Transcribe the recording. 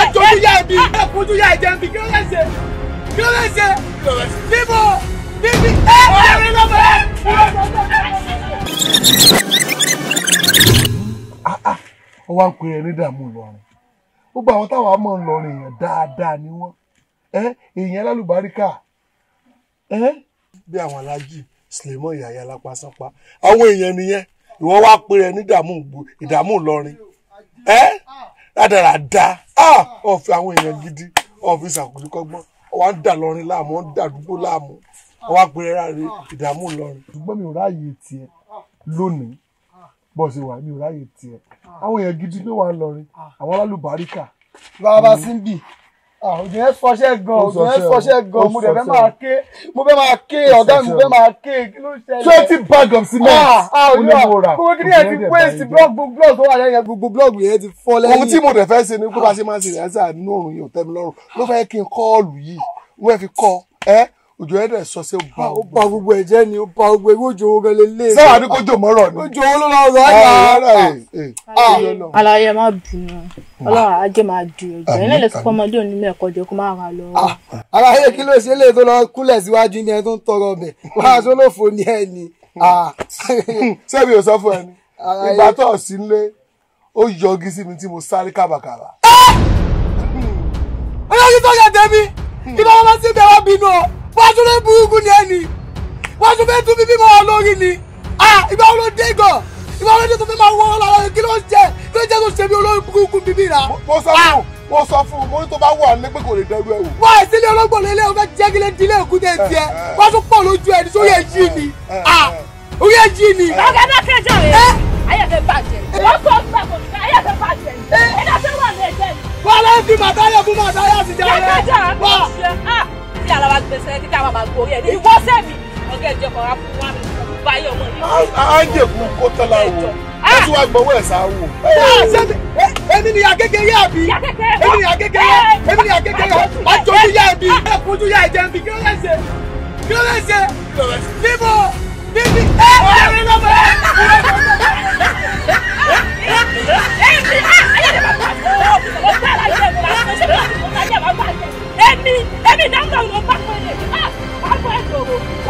ọjọ́ ojú yá ẹbí ọjọọ ọjọọ ẹ̀jẹ̀ ẹbí kí ló lè ọjọọ kí ló lè ọjọọ níbo ọjọọ ẹ ọjọọ rí ọjọọ ẹ. ọjọọ wá ń pè é ní Ìlọrin àwọn táwọn amọ̀ ńlọrin dáadáa ni wọ́n lálùbáríkà bí àwọn alájì àwọn èèyàn nìyẹn ìwọ wá pè é ní ìdààmú Ìlọrin ẹ. rádaràda ọ̀fẹ́ ah, àwọn èèyàn gidi ọ̀fẹ́ ìsàkùnrin kọ́gbọ́n ń dà lọ́rin láàmú ń dà àdúgbò láàmú ọwọ́ apẹ̀rẹ̀ ráre ìdààmú lọ́rin. ṣùgbọ́n mi ò ráàyè tiẹ̀ lónìí bó wà mi ò ráàyè tiẹ̀ àwọn èèyàn gidi ló wà lọrin àwọn alálùbáríkà. bàbá síbì ògùn ẹ fọṣẹ gan ògùn ẹ fọṣẹ gan mo dẹ̀ fẹ́ máa ké mo fẹ́ máa ké ọ̀gá mi mo fẹ́ máa ké kí ló ṣẹlẹ̀. twenty bag of cement mo ah, ah, ní mo rà gbogbo kí ni ẹ ti waste block gbogbo blog. tó wà lẹ́yìn gbogbo blog. yẹn ti fọ́ lẹ́yìn. ohun tí mo dẹ̀ fẹ́ ṣe ni kó bá ah. ṣe máa ṣe ìrẹsà nínú òrùn yìí ò tẹ́ mi lọ́rùn ló fẹ́ kí n kọ́ọ̀lù yìí wọ́n fi kọ́ ẹ́ òjò ẹ̀ dẹ̀ sọ sí ó bá o bá gbogbo ẹ̀jẹ̀ ni ó bá gbogbo ewé òjò owó gan lélẹ̀. Ah, ah, ah, eh, eh. sábà ní kó jò mọ́rọ̀ ni. òjò owó ló lọ rọ àyà. alaye ẹ má bínú ọlọ́run ajé máa di ọjọ́ ẹ̀ lẹ́lẹ̀ fún ọmọdé òní mi ẹ̀kọ́ jẹ́ kó má ra lọ. alaye kí ló ṣe léè tó lọ kúlẹ̀ síwájú ni ẹ tó ń tọrọ ọbẹ̀ wàá tó ló fò ní ẹ ni. sẹ́mi ò sọ fún ẹ ni ìgbà tó ọ̀ sí nílé ó yọgi sí mi tí mo sáré kàbàkàbà. Eh! Hmm. ọlọ́run tó yẹ tẹ́mi hmm. kí ló wọ́n bá sí bẹ́ẹ̀ wá bínú o wọ́n tún lè burúkú ní ẹni wọ́n tún fẹ́ tún bíbí mọ́ ọ lórí ni ìgbà wo ló dé gan ìgbà wo ló dé tó fẹ́ máa wọ́ ọ lára kí ló ń jẹ kí ló ń jẹ tó ṣe bí olórí burúkú bíbí rà. mo sọ fún mo sọ fún mo ní tó bá wà ní pé kò lè dẹrú ẹ wò. wọ́n ẹ̀ sílé ológbò lélẹ̀ o fẹ́ jẹ́ kí lè dílé èkúté tiẹ̀ eh, eh. wọ́n tún pọ̀ lójú ẹni sórí èjì eh, ni orí èjì ni. ọ̀gá náà kẹjọ rẹ ayé fẹ́ bàjẹ́ wọ́n kọ́ ọgbà kò ayé fẹ́ bàjẹ́ ẹ̀ ẹ̀ náà fẹ́ wà ní ẹ̀jẹ̀ ni. wọ́n lè fi màtáyà fún màtáyà sí jẹ́ rẹ̀ wọ́n tí ara wa gbèsè títí àwọn àmà gòrí ẹ̀ ní ìwọ́ sẹ́mi ọ̀gá ẹ̀jẹ̀ kan á fún wa mi kò bá yẹ ọmọ yìí. a ń jẹ̀kú kó tọ́lá wo ó ah! tún wá gbọ́wọ́ ẹ̀ sáà wò. èmi ni akẹ́kẹ́ yá bí èmi ni akẹ́kẹ́ yá èmi ni akẹ́kẹ́ yá àjọjú yá bí ẹ̀kúnjú yá ẹ̀jẹ̀ bí kí ló lè ṣe kí ló lè ṣe níbo níbi ẹ̀ẹ́dẹ̀rẹ̀. Oh,